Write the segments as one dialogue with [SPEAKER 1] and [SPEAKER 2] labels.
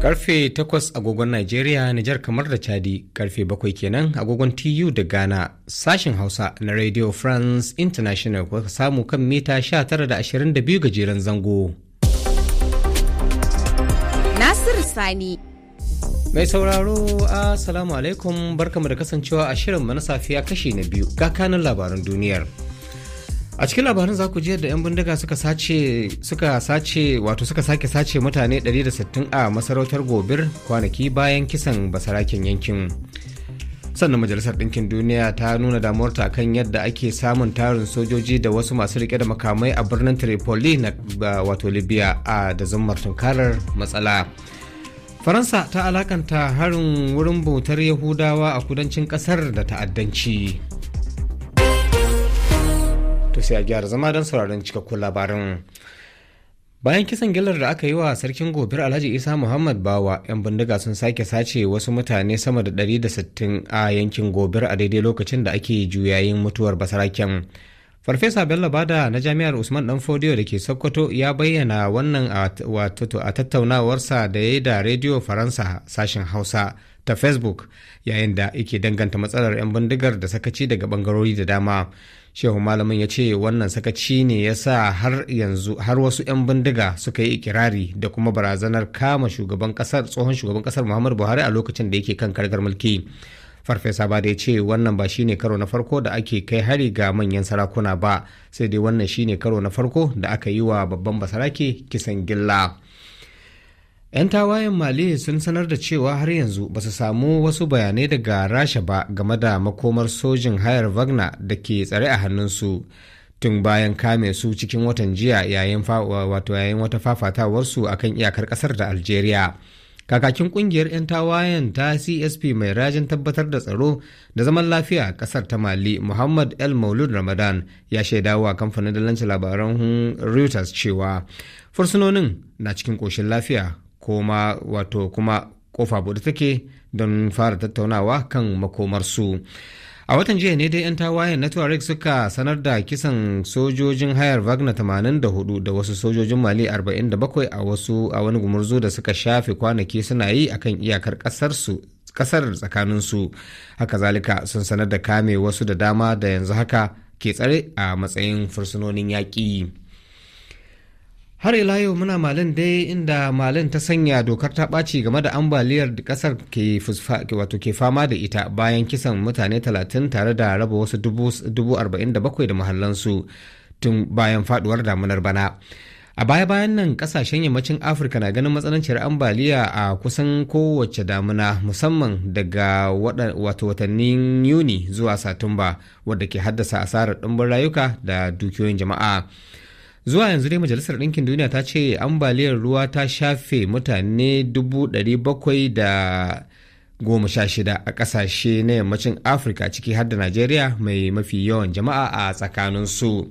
[SPEAKER 1] Karfe takwas, agogon Najeriya, Nijar kamar da Chadi, karfe bakwai kenan agogon TU da Ghana, sashen Hausa na Radio France International kuka samu kan mita sha tara da da ashirin biyu gajeren zango. Nasiru Sani Mai sauraro, Assalamu alaikum barkamu da kasancewa a shirin na safiya kashi na biyu ga kanin labaran duniyar. a cikin labarin za ku ji yadda 'yan bindiga suka sace suka sace wato suka sake sace mutane 160 a masarautar gobir kwanaki bayan kisan basarakin yankin sannan majalisar ɗinkin duniya ta nuna damuwarta kan yadda ake samun tarin sojoji da wasu masu rike da makamai a birnin tripoli na wato libya a da zummar tunkarar matsala faransa ta alakanta harin wurin bautar yahudawa a kudancin ƙasar da ta'addanci to sai a gyara zama don sauraron cikakkun labarin bayan kisan gillar da aka yi wa sarkin gobir alhaji isa muhammad bawa yan bindiga sun sake sace wasu mutane sama da 160 a yankin gobir a daidai lokacin da ake juyayin mutuwar basaraken farfesa bello bada na jami'ar usman dan fodiyo da ke sokoto ya bayyana wannan a tattaunawarsa da ya yi da rediyo faransa sashen hausa ta facebook yayin da yake danganta matsalar 'yan bindigar da sakaci daga bangarori da dama shehu malamin ya ce wannan sakaci ne ya sa har yanzu har wasu 'yan bindiga suka yi ikirari da kuma barazanar kama shugaban kasar tsohon shugaban kasar muhammadu buhari a lokacin da yake kan kargar mulki farfesa ba ya ce wannan ba shine karo na farko da ake kai hari ga manyan sarakuna ba sai dai wannan shine karo na farko da aka yi wa babban basarake kisan gilla 'yan tawayen mali sun sanar da cewa har yanzu ba su samu wasu bayanai daga rasha ba game da makomar sojin hayar wagner da ke tsare a hannunsu tun bayan kame su cikin watan jiya yayin wata fafatawarsu a kan iyakar kasar da algeria kakakin kungiyar 'yan tawayen ta csp mai rajin tabbatar da tsaro da zaman lafiya a kasar ta mali muhammad el maulud ramadan ya shaidawa kamfanin dalancin labaran reuters cewa fursunonin na cikin koshin lafiya koma wato kuma kofa bude take don fara tattaunawa kan makomarsu. a watan jiya ne dai 'yan tawayen na tuareg suka sanar da kisan sojojin hayar wagner 84 da wasu sojojin mali 47 a wasu a wani gumurzu da suka shafe kwanaki suna yi a kan iyakar kasarsu kasar tsakaninsu haka zalika sun sanar da kame wasu da dama da yanzu haka ke tsare a matsayin fursunonin yaƙi. har ila yau muna malin dai inda malin ta sanya dokar ta ɓaci game da ambaliyar da ƙasar ke fama da ita bayan kisan mutane 30 tare da raba wasu 47 da mahallansu tun bayan faduwar damunar bana a baya-bayan nan kasashen yammacin afirka na ganin matsananciyar ambaliya a kusan kowace damuna musamman daga wato watannin yuni zuwa satumba wadda ke haddasa asarar ɗumbin rayuka da dukiyoyin jama'a zuwa yanzu dai majalisar ɗinkin duniya ta ce ambaliyar ruwa ta shafe mutane da shida a ƙasashe na yammacin afirka ciki har da najeriya mai mafi yawan jama'a a tsakaninsu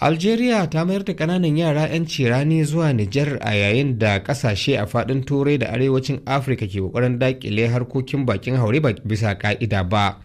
[SPEAKER 1] algeria ta mayar da ƙananan yara 'yan cirani zuwa nijar a yayin da ƙasashe a faɗin turai da arewacin afirka ke ƙoƙarin daƙile harkokin bakin haure bisa ƙa'ida ba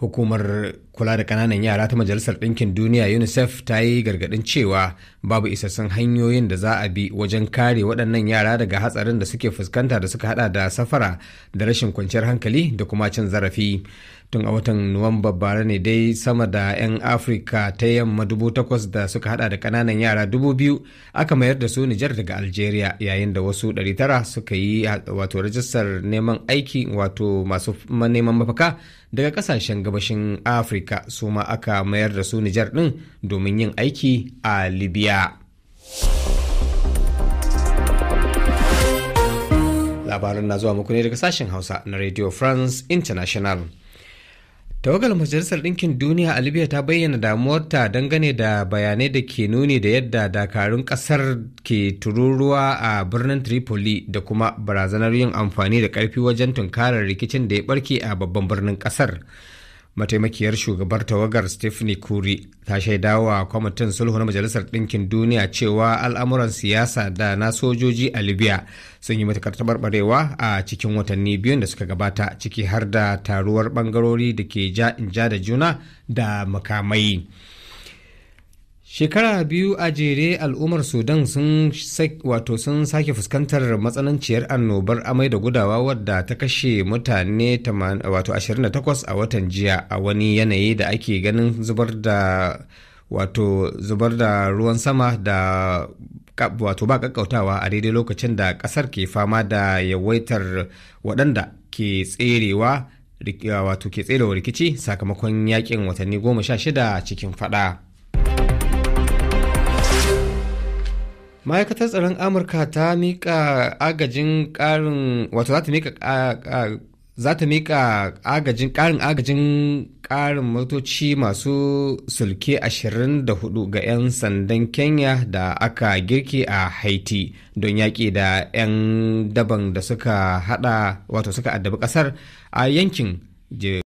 [SPEAKER 1] Hukumar kula da kananan yara ta Majalisar Ɗinkin Duniya UNICEF ta yi gargaɗin cewa babu isassun hanyoyin da za a bi wajen kare waɗannan yara daga hatsarin da suke fuskanta da suka hada da safara da rashin kwanciyar hankali da kuma cin zarafi. tun a watan nuwamba bara ne dai sama da 'yan afirka ta yamma dubu takwas da suka hada da kananan yara dubu biyu aka mayar da su nijar daga algeria yayin da wasu 900 suka yi wato rajistar neman aiki wato masu neman mafaka daga kasashen gabashin afirka su ma aka mayar da su nijar din domin yin aiki a libya labaran na zuwa muku ne daga sashen hausa na radio france international tawagar majalisar ɗinkin duniya a libya ta bayyana damuwarta dangane da bayanai da ke nuni da yadda dakarun ƙasar ke tururuwa a birnin tripoli da kuma barazanar yin amfani da ƙarfi wajen tunkarar rikicin da ya barke a babban birnin ƙasar mataimakiyar shugabar tawagar stephanie kuri ta shaidawa kwamitin sulhu na majalisar ɗinkin duniya cewa al'amuran siyasa da na sojoji a libya sun yi matukar tabarbarewa a cikin watanni biyun da suka gabata ciki har da taruwar bangarori da ke ja in ja da juna da makamai shekara biyu a jere al'ummar sudan sun sake fuskantar matsananciyar annobar amai da gudawa wadda ta kashe mutane 28 a watan jiya a wani yanayi da ake ganin zubar da wato zubar da ruwan sama da wato ba kakkautawa a daidai lokacin da kasar ke fama da yawaitar waɗanda ke tserewa wato ke tserewa rikici sakamakon yakin watanni goma sha shida cikin fada. ma'aikatar tsaron amurka ta mika agajin karin wato za ta mika za ta mika agajin karin agajin karin motoci masu sulke 24 ga 'yan sandan kenya da aka girke a haiti don yaƙi da 'yan daban da suka hada wato suka addabi ƙasar a yankin